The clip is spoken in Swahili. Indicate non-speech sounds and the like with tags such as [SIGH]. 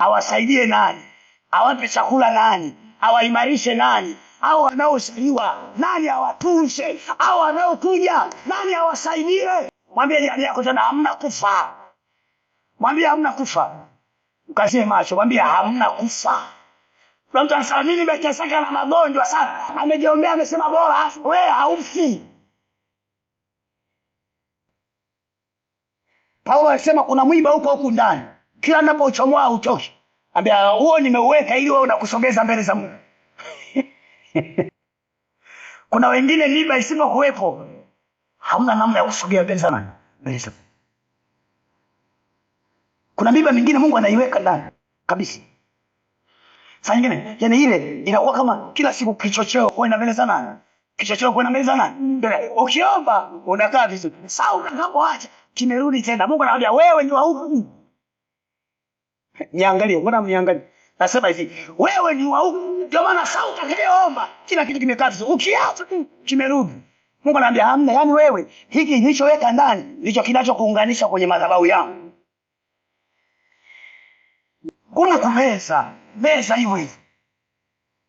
awasaidie nani? Awape chakula nani? Awaimarishe nani? Au wanaozaliwa nani awatunze? Au wanaokuja nani awasaidie? Mwambie jirani yako tena, hamna kufa. Mwambie hamna kufa, mkazie macho, mwambie hamna kufa. Kuna mtu anasema mimi nimeteseka na magonjwa sana, amejiombea amesema bora we haufi. Paulo alisema kuna mwiba huko huku ndani kila napochomoa uchoshi ambia huo nimeuweka ili wewe unakusogeza mbele za mungu [LAUGHS] kuna wengine miba kuwepo, hamna namna ya kusogea mbele za mungu kuna miba mingine mungu anaiweka ndani kabisa saa nyingine yani ile inakuwa kama kila siku kichocheo mbele za nani kichocheo kuwa inameleza nani ukiomba unakaa vizuri saa utakapoacha kimerudi tena mungu anakwambia wewe ni wa huku Niangalie, mbona mniangalie? Nasema hivi, wewe ni wa huku, ndio maana sauti kiliyoomba kila kitu kimekaa vizuri. Ukiacha kimerudi. Mungu anambia hamna, yani wewe hiki nilichoweka ndani ndicho kinachokuunganisha kwenye madhabahu yangu. Kuna kumeza, meza hiyo hiyo.